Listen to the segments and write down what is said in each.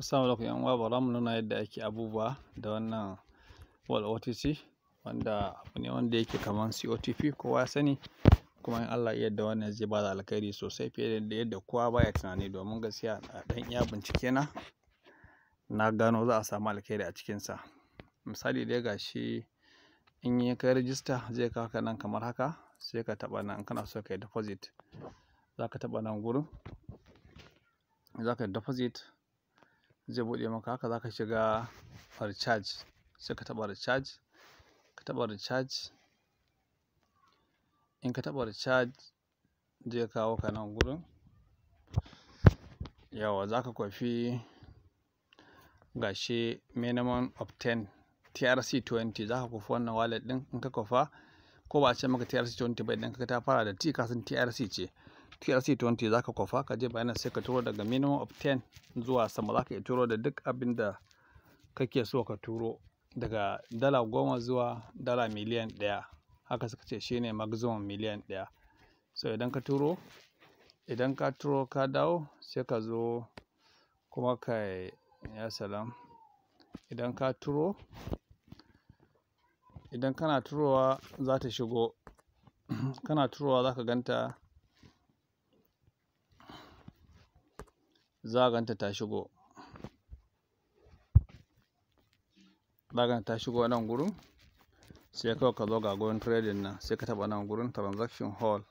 Assalamu alaikum yan uwa bara mu nuna yadda ake abubuwa da wannan wal OTC wanda abu ne wanda yake kaman COTP kowa ya sani kuma in Allah ya yarda wannan zai bada alkhairi sosai fiye da yadda kowa baya tunani domin gaskiya a ɗan iya bincike na na gano za a samu alkhairi a cikin sa misali dai gashi in ya kai rijista zai kawo ka nan kamar haka sai ka taɓa nan in kana so yi deposit za ka taɓa nan gurin za ka yi deposit zai buɗe maka haka zaka shiga recharge sai ka taɓa recharge ka taɓa recharge in ka taɓa recharge zai kawo ka nan gurin yawa zaka kwafi gashi minimum of 10 TRC20 zaka kwafi wannan wallet ɗin in ka kwafa ko ba a ce maka TRC20 ba idan ka ta fara da T kasan TRC ce trc 20 za ka kwafa ka je bayanan sai ka turo daga minimum of 10 zuwa sama za ka iya turo da duk abin da kake so ka turo daga dala goma zuwa dala miliyan ɗaya haka suka ce shine maximum miliyan ɗaya so idan ka turo idan ka turo ka dawo sai ka zo kuma ka ya salam idan ka turo idan kana turowa za ta shigo kana turowa za ka ganta za a ganta ta shigo za ta shigo nan gurin sai kawai ka zo ga gurin trading nan sai ka taba nan gurin transaction hall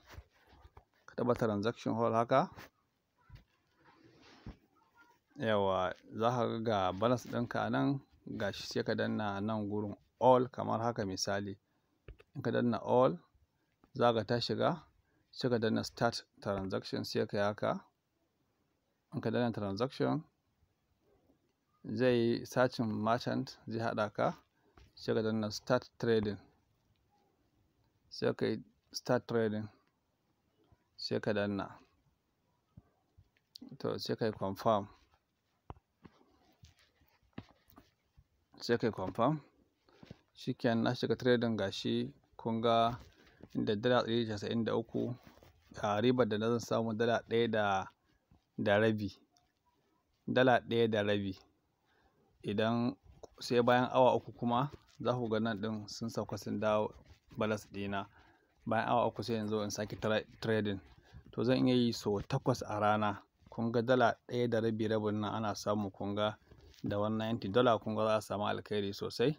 ka taba transaction hall haka yawa za ka ga balance ɗinka a nan gashi sai ka danna nan gurin all kamar haka misali in ka danna all za ka ta shiga sai ka danna start transaction sai ka yi haka in ka danna transaction zai sacin merchant zai haɗa ka sai ka danna start trading sai ka yi start trading sai ka danna to sai ka yi confirm sai ka yi confirm shikenan na shiga trading gashi kun ga inda dala ɗari casa'in da uku a ribar da na zan samu dala ɗaya da da rabi dala ɗaya da rabi idan sai bayan awa uku kuma za ku ga nan ɗin sun sauka sun dawo balas ɗina bayan awa uku sai in zo in sake trading to zan iya yi sau takwas a rana kun ga dala ɗaya da rabi rabin nan ana samu kun ga da 190 dala kun ga za a samu alkhairi sosai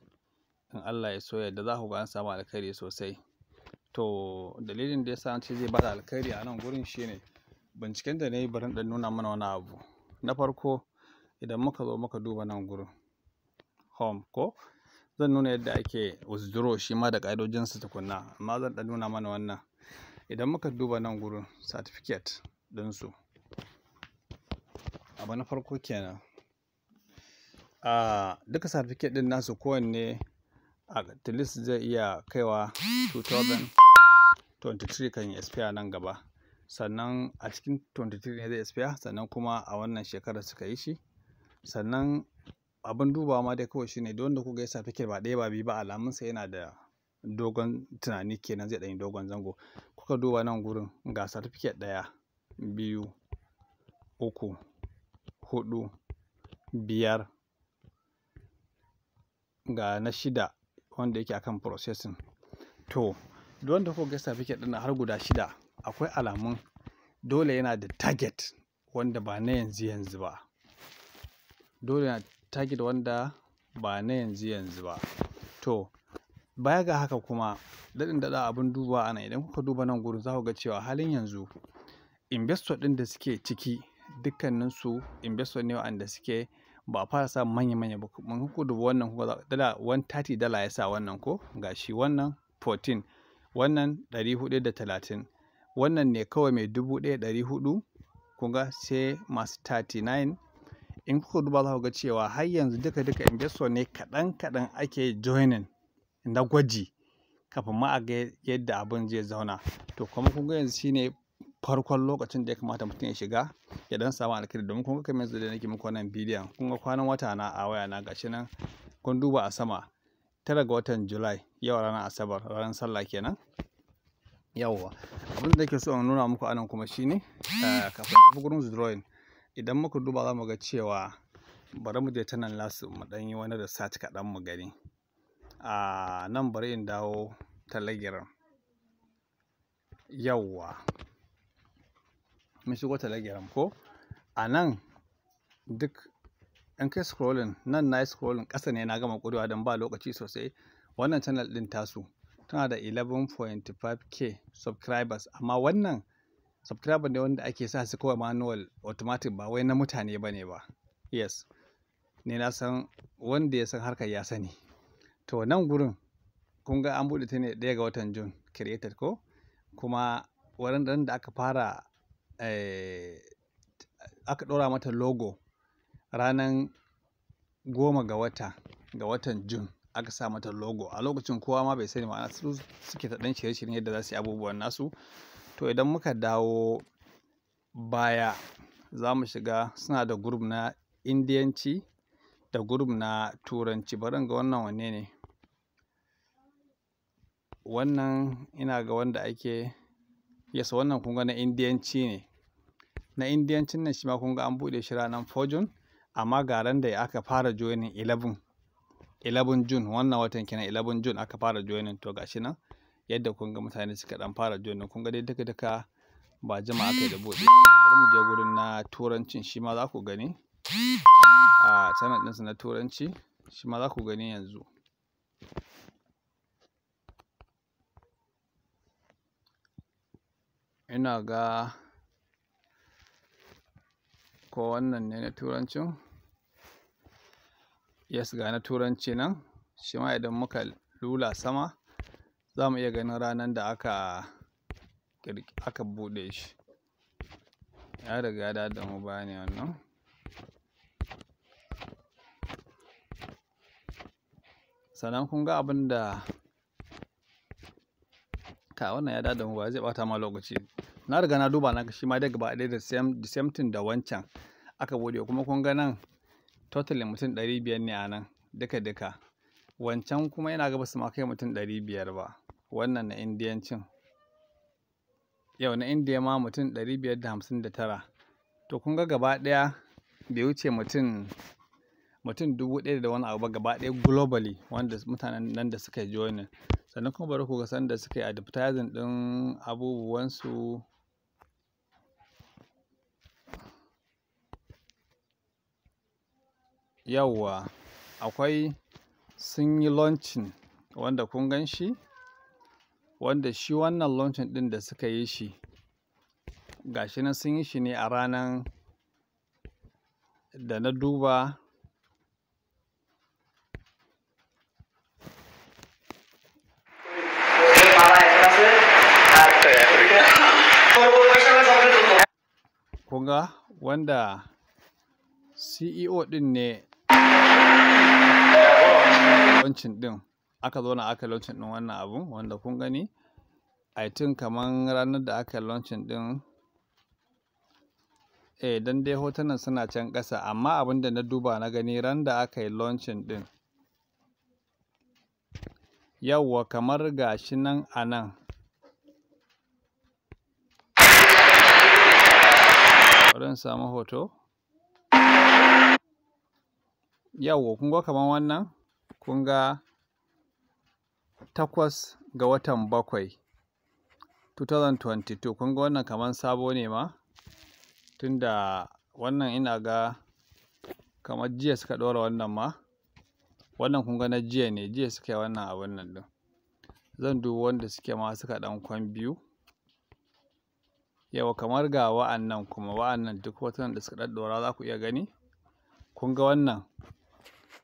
in Allah ya so yadda za ku ga an samu alkhairi sosai to dalilin da yasa an ce zai bada alkhairi a nan gurin shine binciken da na yi bari ɗan nuna mana wani abu na farko idan muka zo muka duba nan gurin home ko zan nuna yadda ake withdraw shi ma da ƙa'idojinsa tukunna amma zan ɗan nuna mana wannan idan muka duba nan gurin certificate su. abu na farko kenan a ah, duka certificate ɗin nasu kowanne a tilis zai iya kaiwa 2023 kan yi nan gaba sannan a cikin 23 ne zai expire sannan kuma a wannan shekarar suka yi shi sannan abin duba ma dai kawai shine don da kuka yi certificate ba ɗaya ba biyu ba sa yana da dogon tunani kenan zai ɗanyi dogon zango kuka duba nan gurin ga certificate ɗaya biyu uku hudu biyar ga na shida wanda yake akan processing to don da kuka ga certificate ɗin har guda shida akwai alamun dole yana da target wanda ba na yanzu yanzu ba dole yana target wanda ba na yanzu yanzu ba to baya ga haka kuma daɗin daɗa abin duba ana idan kuka duba nan gurin za ku ga cewa halin yanzu investor ɗin da suke ciki dukkaninsu investor ne wanda suke ba a fara samun manya-manya ba mun kuka duba wannan kuka dala 130 dala ya sa wannan ko gashi wannan 14 wannan 430 wannan ne kawai mai dubu ɗaya ɗari hudu kunga sai masu 39 in kuka duba za ku ga cewa har yanzu duka duka investor ne kaɗan kaɗan ake joining na gwaji kafin ma a ga yadda abin zai zauna to kuma kun ga yanzu shine farkon lokacin da ya kamata mutum ya shiga ya dan samu alkhairi domin kun ga kamar yanzu da nake muku wannan bidiyon kun ga kwanan wata na a waya na gashi nan kun duba a sama tara ga watan Julai yau ranar Asabar ranar sallah kenan yawwa abin da ke so in nuna muku anan kuma shine eh, kafin tafi gurin drawing idan muka duba za mu ga cewa bari mu je ta nan lasu mu dan yi wani research kaɗan mu gani a nan bari in dawo talagiran yawwa mun shigo ko a nan duk in kai scrolling nan na yi scrolling ƙasa ne na gama ƙurewa don ba lokaci sosai wannan channel ɗin tasu tana da 11.5k subscribers amma wannan subscriber ne wanda ake sa su kawai manual automatic ba wai na mutane ba ne ba yes ne na san wanda ya san harkar ya sani to nan gurin kun ga an buɗe ta ne ɗaya ga watan jun created ko kuma wurin da aka fara eh, aka ɗora mata logo ranar goma ga wata ga watan jun aka sa mata logo a lokacin kowa ma bai sani ma'ana su suke ta dan shirye-shiryen yadda za su yi abubuwan nasu to idan muka dawo baya za mu shiga suna da gurb na indiyanci da gurb na turanci barin ga wannan wanne ne wannan ina ga wanda ake yasa wannan kunga na indiyanci ne na indiyancin nan shi ma kunga an buɗe shi ranar 4 amma ga ran da aka fara joinin 11 11 June wannan watan kenan 11 June aka fara joining to gashi nan yadda kun ga mutane suka dan fara joining kun ga dai duka duka ba jama'a kai yi da bude bari mu je gurin na turancin shi ma za ku gani a channel su na turanci shi ma za ku gani yanzu ina ga ko wannan ne na turancin yes ga na turanci nan shi ma idan muka lula sama za mu iya ganin ranar da aka aka buɗe shi ya riga da da mu bani wannan sannan kun ga abin da ka wannan ya da mu ba zai bata ma lokaci na riga na duba na shi ma dai gaba ɗaya da same thing da wancan aka buɗe kuma kun ga nan totalin mutum ɗari biyar ne a nan duka duka wancan kuma yana gaba su ma kai mutum ɗari biyar ba wannan na indiyancin yau na indiya ma mutum ɗari biyar da hamsin da tara to kun ga gaba ɗaya bai wuce mutum mutum dubu ɗaya da wani abu ba gaba ɗaya globally wanda mutanen nan da suka joinin sannan kuma bari ku ga sanda suka yi advertising ɗin abubuwansu Yauwa, akwai sun yi launching wanda kun gan shi, wanda shi wannan launching ɗin da suka yi shi, ga shi nan sun yi shi ne a ranar da na duba kunga ga wanda CEO ɗin ne launching din aka zauna aka launching din wannan abun wanda kun gani I think kaman ranar da aka launching din eh dan dai hotunan suna can ƙasa amma abin da na duba na gani ran da aka yi launching din yawwa kamar gashi nan a nan samu hoto Yawo kun ga kamar wannan kun ga takwas ga watan bakwai 2022 kun ga wannan kamar sabo ne ma tunda wannan ina ga kamar jiya suka ɗora wannan ma wannan kun ga na jiya ne jiya suka yi wannan abin nan ɗin zan duba wanda suke ma suka ɗan kwan biyu yawa kamar ga wa'annan kuma wa'annan duk watan da suka ɗaɗɗora za ku iya gani kun ga wannan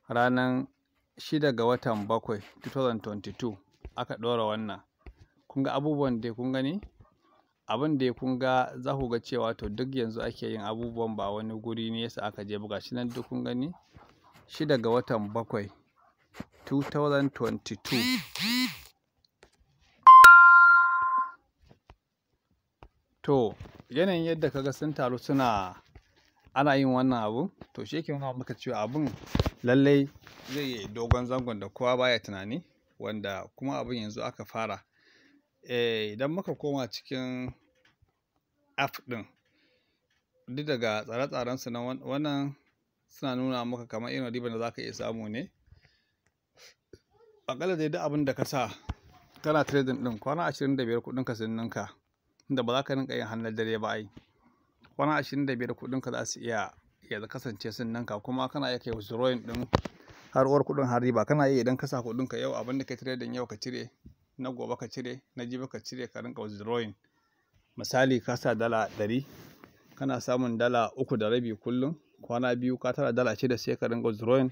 ranar 6 ga watan 7 2022 aka ɗora wannan kun ga abubuwan dai kun gani abin da kun ga za ku ga cewa to duk yanzu ake yin abubuwan ba wani guri ne yasa aka je buga shi nan duk kun gani 6 ga watan 7 2022 to yanayin yadda kaga sun taru suna ana yin wannan abu to shi yake nuna maka cewa abun lallai zai yi dogon zangon da kowa baya tunani wanda kuma abin yanzu aka fara eh, idan muka koma cikin app ɗin duk daga tsare-tsarensu na wannan suna nuna maka kamar irin riba da za ka iya samu ne akalla dai duk abin da ka sa kana trading ɗin kwana 25 kudin ka sun ninka inda ba za ka rinka yin hannun dare ba ai kwana 25 kudin ka za su iya ya kasance sun nan ka kuma kana iya kai withdrawing din har uwar kuɗin har riba kana iya idan ka sa kuɗin ka yau abin da kai trading yau ka cire na gobe ka cire na jibi ka cire ka rinka withdrawing misali ka sa dala ɗari kana samun dala uku da rabi kullum kwana biyu ka tara dala shida sai ka rinka withdrawing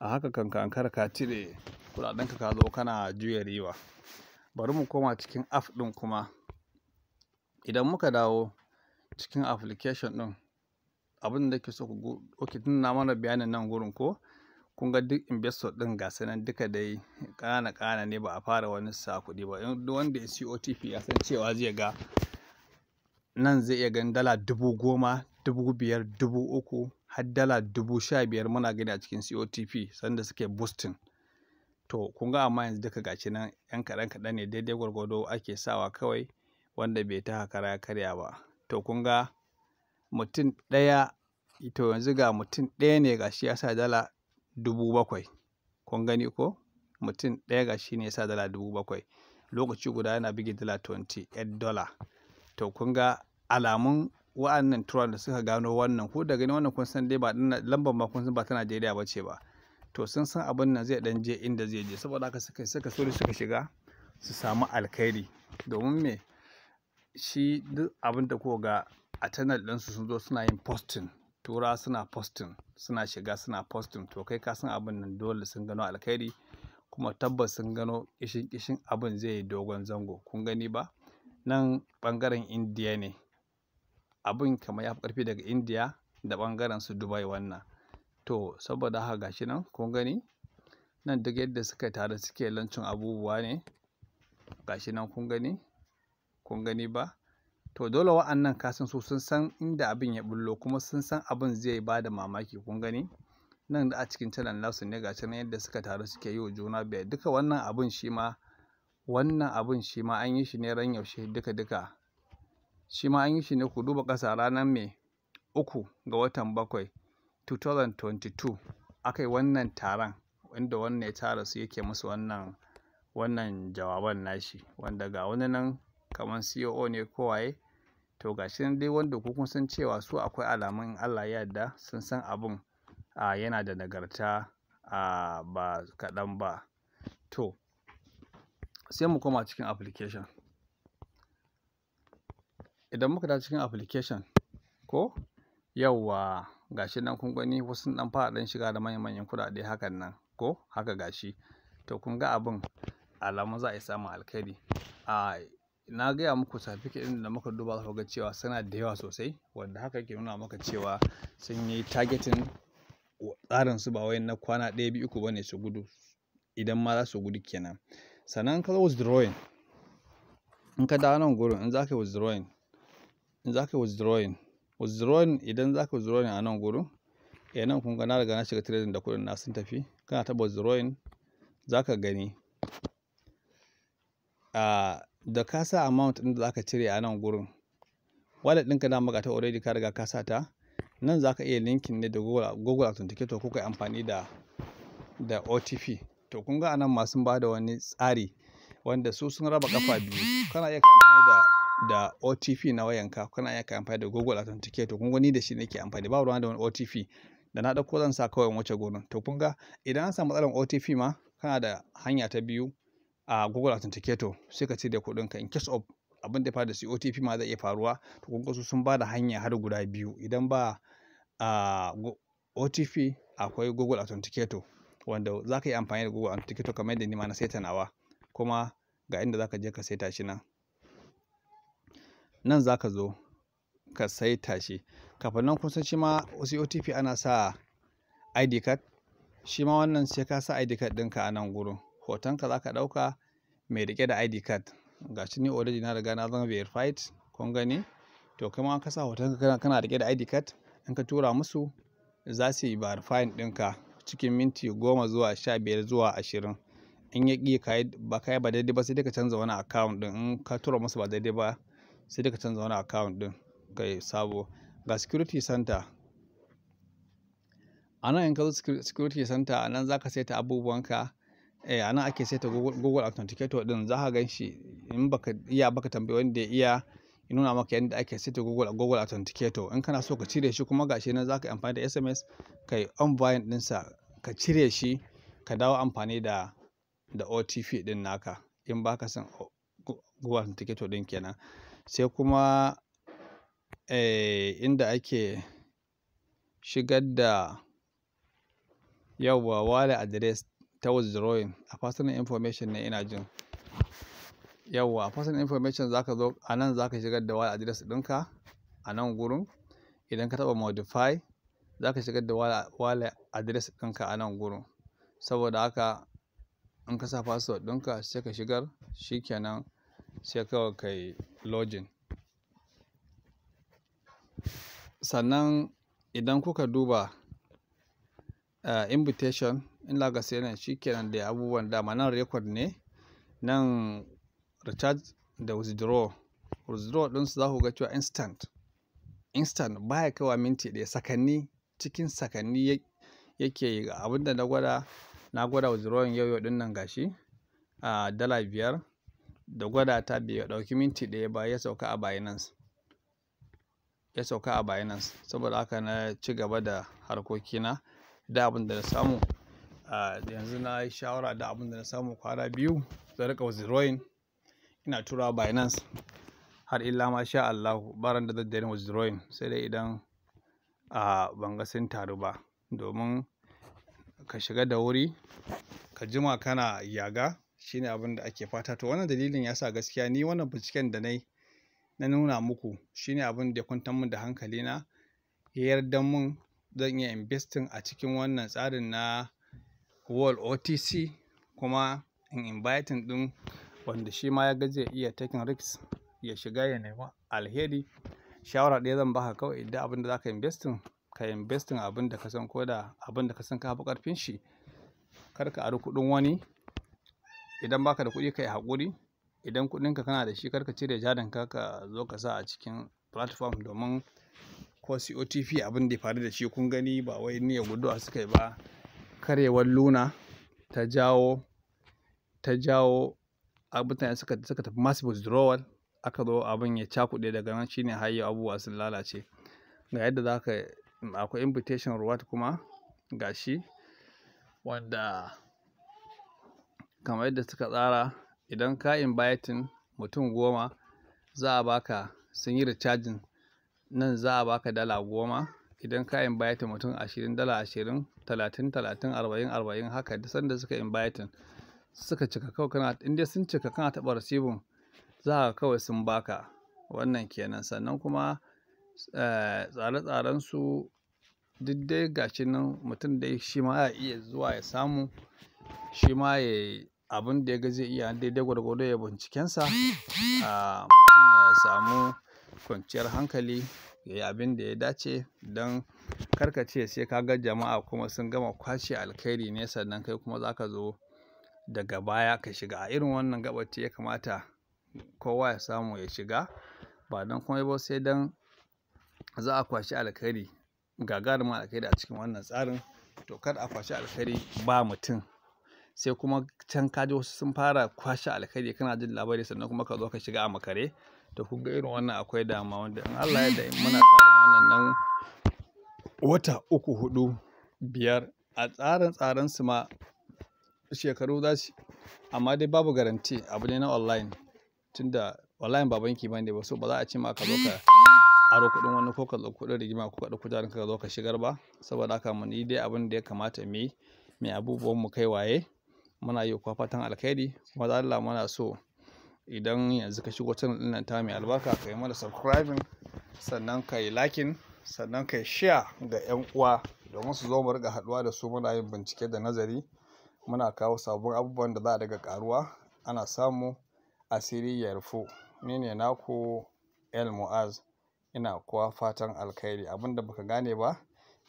a haka kan kankar ka cire kuɗaɗen ka zo kana juya riba bari mu koma cikin app ɗin kuma idan muka dawo cikin application ɗin abin da ke so ku tun na mana bayanin nan gurin ko kun ga duk investor din ga sanan duka dai kana kana ne ba a fara wani sa kuɗi ba duk wanda ya siyo OTP ya san cewa zai ga nan zai iya ganin dala dubu goma dubu biyar dubu uku har dala dubu sha biyar muna gani a cikin COTP sanda suke boosting to kun ga amma yanzu duka gashi nan yan kaɗan kaɗan ne daidai gwargwado ake sawa kawai wanda bai ta ya karya ba to kun ga mutum ɗaya to yanzu ga mutum ɗaya ne ga shi ya sa dala dubu bakwai kun gani ko mutum ɗaya ga shi ne ya sa dala dubu bakwai lokaci guda yana bige dala 28 dola to kun ga alamun wa'annan turan da suka gano wannan ko daga wannan kun san dai ba lambar ma kun san ba ta Najeriya ba ce ba to sun san abin nan zai dan je inda zai je saboda haka suka suka so suka shiga su samu alkhairi domin me shi duk abin da ko ga a channel ɗinsu sun zo suna yin posting tura suna posting suna shiga suna posting to kai ka san abin nan dole sun gano alkhairi kuma tabbas sun gano kishin kishin abin zai yi dogon zango kun gani ba nan bangaren indiya ne abin kamar ya fi karfi daga indiya da bangaren su dubai wannan to saboda haka gashi nan kun gani nan duk yadda suka taru suke lancin abubuwa ne gashi nan kun gani kun gani ba to dole wa'annan kasan su sun san inda abin ya bullo kuma sun san abin zai ba da mamaki kun gani nan da a cikin talan nasu ne ga nan yadda suka taru suke yi wa juna biyar duka wannan abin shi ma wannan abin shi ma an yi shi ne ran yaushe duka duka shi ma an yi shi ne ku duba kasa ranar mai uku ga watan bakwai 2022 aka yi wannan taron inda wannan ya tara su yake musu wannan wannan jawaban nashi wanda ga wani nan kamar coo e ne kowaye to ga shi dai wanda ku kun san cewa su akwai alamun Allah ya yarda sun san abun a yana da nagarta a ba kaɗan ba to sai mu koma cikin application idan muka da cikin application ko yawwa gashi nan kun gani wasu ɗan fara ɗan shiga da manyan manyan kuɗaɗe hakan nan ko haka gashi to kun ga abin alamun za a yi samun alkhairi a na gaya muku certificate ɗin da muka duba za ga cewa suna da yawa sosai wanda haka ke nuna maka cewa sun yi targeting tsarin su ba wai na kwana ɗaya biyu uku bane su gudu idan ma za su gudu kenan sannan ka drawing in ka dawo nan gurin in za ka yi withdrawing in za ka yi withdrawing withdrawing idan za ka withdrawing a nan gurin eh nan kun ga na riga na shiga trading da kuɗin na sun tafi kana taɓa withdrawing za ka gani a ah, da ka sa amount ɗin da za ka cire a nan gurin wallet ɗinka da magata already ka riga ka sa ta nan za ka iya linkin ne da google authenticator ko kai amfani da da otp to kun ga anan masu ba da wani tsari wanda su sun raba kafa biyu kana iya amfani da da otp na wayanka kana iya amfani da google authenticator kun ni da shi nake amfani ba ruwa da wani otp da na ɗauko zan sa kawai wace gurin to kun ga idan an samu matsalar otp ma kana da hanya ta biyu a google authenticator sai ka cire da ka in case of abin da ya faru da cotp ma zai iya faruwa to kun su sun ba da hanya har guda biyu idan ba a otp akwai google authenticator wanda za ka yi amfani da google authenticator kamar yadda ni ma na saita nawa kuma ga inda za ka je ka saita shi nan nan za ka zo ka saita shi kafin nan kun san shi ma cotp ana sa id card shi ma wannan sai ka sa id card ɗinka a nan gurin hotonka za ka ɗauka mai riƙe da id card ga shi ni already na riga na zama verified kun gani to kai ma ka sa hotonka kana, kana riƙe da id card in ka tura musu za su yi verifying ɗinka cikin minti goma zuwa sha biyar zuwa ashirin in ya ƙi ka ba ka yi ba daidai ba sai dai ka canza wani account ɗin in ka tura musu ba daidai ba sai dai ka canza wani account ɗin kai sabo ga security center a nan in ka zo security center a nan za ka saita abubuwanka eh anan ake saita google authenticator din za ka gan shi in baka iya baka tambayi wanda ya iya in nuna maka yadda ake saita google google authenticator in kana so ka cire shi kuma gashi nan za ka amfani da sms ka yi din sa ka cire shi ka dawo amfani da da otp din naka in baka san google authenticator din kenan sai kuma eh, inda ake shigar da yawwa wallet address ta withdrawing a personal information ne ina jin yawwa a personal information zaka zo a nan zaka shigar da wallet address ɗinka a nan gurin idan ka taɓa modify zaka shigar da wallet address ɗinka a nan gurin saboda haka in ka sa password ɗinka sai ka shigar shikenan sai kawai ka yi login sannan idan kuka duba uh, invitation in laga ka sai nan shikenan da abubuwan dama nan record ne nan recharge da withdraw withdraw din su za ku ga cewa instant instant baya kawa minti ɗaya sakanni cikin sakanni yake yi abinda na gwada na gwada withdrawing yau yau din nan gashi a uh, dala biyar da gwada ta bai ɗauki minti ɗaya ba ya sauka a Binance ya sauka a Binance saboda haka na ci gaba da harkokina da abin na samu yanzu na yi shawara da abin da na samu kwana biyu zan rika withdrawing ina turawa binance har illa ma sha Allah baran da zai daina withdrawing sai dai idan ban ga sun taru ba domin ka shiga da wuri ka jima kana yaga shine abin da ake fata to wannan dalilin ya sa gaskiya ni wannan binciken da na yi na nuna muku shine abin da ya kwantar min da hankali na ya yarda min zan iya investing a cikin wannan tsarin na wall otc kuma in inviting din wanda shi ma ya gaje iya taking risk ya shiga ya nema alheri shawara ɗaya zan baka kawai idan abin da zaka investing ka investing abin da ka san ko da abin da ka san ka fi karfin shi kar ka ari kuɗin wani idan baka da kuɗi ka yi haƙuri idan kuɗinka kana da shi kar ka cire jarin ka ka zo ka sa a cikin platform domin ko cotp abin da faru da shi kun gani ba wai niyyar guduwa suka yi ba karewar luna ta jawo ta jawo mutane suka suka tafi massive withdrawal aka zo abin ya cakuɗe daga nan shine har yau abubuwa sun lalace ga yadda za ka akwai invitation reward kuma ga shi wanda kamar yadda suka tsara idan ka inviting mutum goma za a baka sun yi ricajin. nan za a baka dala goma idan ka invite mutum ashirin dala ashirin talatin talatin arba'in arba'in haka duk sanda suka invite suka cika kawai kana in dai sun cika kana taɓa rasibin za ka kawai sun baka wannan kenan sannan kuma eh, tsare-tsaren su duk dai gashi nan mutum dai shi ma ya iya zuwa ya samu shi ma ya abin da ya ga zai iya daidai gwargwado ya bincikensa ah, mutum ya samu kwanciyar hankali ya yi abin da ya dace don kar ka ce sai ka ga jama'a kuma sun gama kwashe alkhairi ne sannan kai kuma za ka zo daga baya ka shiga a irin wannan gabace ya kamata kowa ya samu ya shiga ba don kuma ba sai don za a kwashi alkhairi gagarumin alkhairi a cikin wannan tsarin to kar a kwashi alkhairi ba mutum sai kuma can ka ji wasu sun fara kwashe alkhairi kana jin labari sannan kuma ka zo ka shiga a makare to ku ga irin wannan akwai dama wanda in Allah ya in muna tsarin wannan nan wata uku hudu biyar a tsarin tsarin su ma shekaru za su amma dai babu garanti abu ne na online tunda online ba banki bane ba so ba za a ce ma ka zo ka aro kudin wani ko ka kudin rigima ko ka ɗauki jarin ka zo ka shigar ba saboda haka mun yi dai abin da ya kamata mu yi abubuwan mu kai waye muna yi kwafatan fatan alkhairi kuma da Allah muna so idan yanzu ka shigo channel ɗin nan ta mai albarka ka yi mana subscribing sannan ka yi liking sannan ka yi share ga 'yan uwa domin su zo mu riga haɗuwa da su muna yin bincike da nazari muna kawo sabon abubuwan da za a daga karuwa ana samu asiri ya rufu ni ne naku el mu'az ina kuwa fatan alkhairi abinda baka gane ba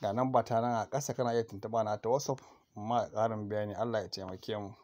ga nan ba ta nan a ƙasa kana iya tuntuɓa na ta whatsapp ma ƙarin bayani allah ya taimake mu